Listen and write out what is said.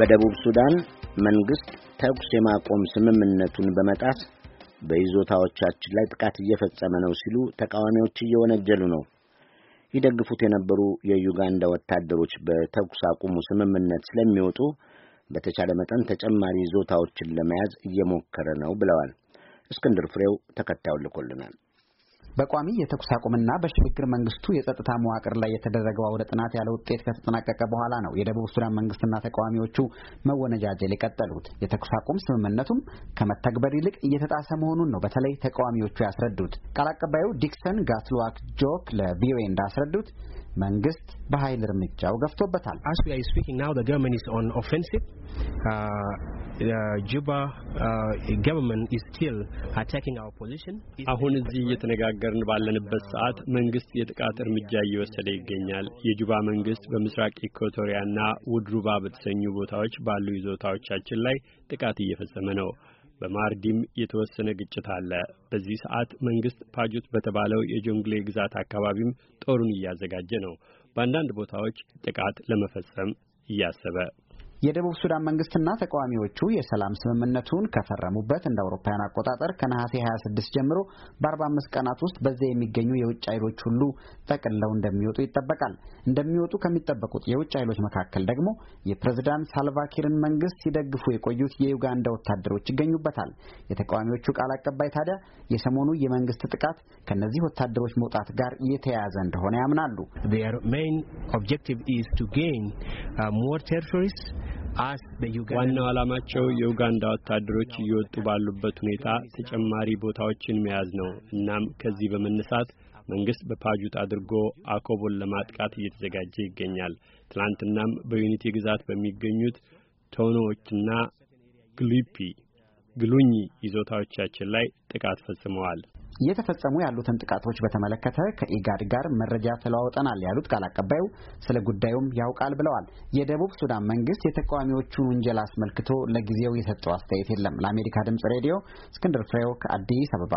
በደቡብ ሱዳን መንግሥት ተኩስ የማቆም ስምምነቱን በመጣስ በይዞታዎቻችን ላይ ጥቃት እየፈጸመ ነው ሲሉ ተቃዋሚዎች እየወነጀሉ ነው። ይደግፉት የነበሩ የዩጋንዳ ወታደሮች በተኩስ አቁሙ ስምምነት ስለሚወጡ በተቻለ መጠን ተጨማሪ ይዞታዎችን ለመያዝ እየሞከረ ነው ብለዋል። እስክንድር ፍሬው ተከታዩን ልኮልናል። በቋሚ የተኩስ አቁምና በሽግግር መንግስቱ የጸጥታ መዋቅር ላይ የተደረገው አውደ ጥናት ያለ ውጤት ከተጠናቀቀ በኋላ ነው የደቡብ ሱዳን መንግስትና ተቃዋሚዎቹ መወነጃጀል የቀጠሉት። የተኩስ አቁም ስምምነቱም ከመተግበር ይልቅ እየተጣሰ መሆኑን ነው በተለይ ተቃዋሚዎቹ ያስረዱት። ቃል አቀባዩ ዲክሰን ጋትሉዋክ ጆክ ለቪኦኤ እንዳስረዱት መንግስት በኃይል እርምጃው ገፍቶበታል። ጁባ uh, uh, አሁን እዚህ እየተነጋገርን ባለንበት ሰዓት መንግስት የጥቃት እርምጃ እየወሰደ ይገኛል። የጁባ መንግስት በምስራቅ ኢኳቶሪያና ውድሩባ በተሰኙ ቦታዎች ባሉ ይዞታዎቻችን ላይ ጥቃት እየፈጸመ ነው። በማርዲም የተወሰነ ግጭት አለ። በዚህ ሰዓት መንግስት ፓጁት በተባለው የጆንግሌ ግዛት አካባቢም ጦሩን እያዘጋጀ ነው፣ በአንዳንድ ቦታዎች ጥቃት ለመፈጸም እያሰበ የደቡብ ሱዳን መንግስትና ተቃዋሚዎቹ የሰላም ስምምነቱን ከፈረሙበት እንደ አውሮፓውያን አቆጣጠር ከነሐሴ 26 ጀምሮ በ45 ቀናት ውስጥ በዚያ የሚገኙ የውጭ ኃይሎች ሁሉ ጠቅለው እንደሚወጡ ይጠበቃል። እንደሚወጡ ከሚጠበቁት የውጭ ኃይሎች መካከል ደግሞ የፕሬዝዳንት ሳልቫኪርን መንግስት ሲደግፉ የቆዩት የዩጋንዳ ወታደሮች ይገኙበታል። የተቃዋሚዎቹ ቃል አቀባይ ታዲያ የሰሞኑ የመንግስት ጥቃት ከእነዚህ ወታደሮች መውጣት ጋር የተያያዘ እንደሆነ ያምናሉ። ዋናው ዓላማቸው የኡጋንዳ ወታደሮች እየወጡ ባሉበት ሁኔታ ተጨማሪ ቦታዎችን መያዝ ነው። እናም ከዚህ በመነሳት መንግስት በፓጁት አድርጎ አኮቦን ለማጥቃት እየተዘጋጀ ይገኛል። ትናንትናም በዩኒቲ ግዛት በሚገኙት ቶኖዎችና ግሉፒ ግሉኝ ይዞታዎቻችን ላይ ጥቃት ፈጽመዋል። እየተፈጸሙ ያሉትን ጥቃቶች በተመለከተ ከኢጋድ ጋር መረጃ ተለዋውጠናል ያሉት ቃል አቀባዩ ስለ ጉዳዩም ያውቃል ብለዋል። የደቡብ ሱዳን መንግስት የተቃዋሚዎቹን ውንጀላ አስመልክቶ ለጊዜው የሰጠው አስተያየት የለም። ለአሜሪካ ድምጽ ሬዲዮ እስክንድር ፍሬው ከአዲስ አበባ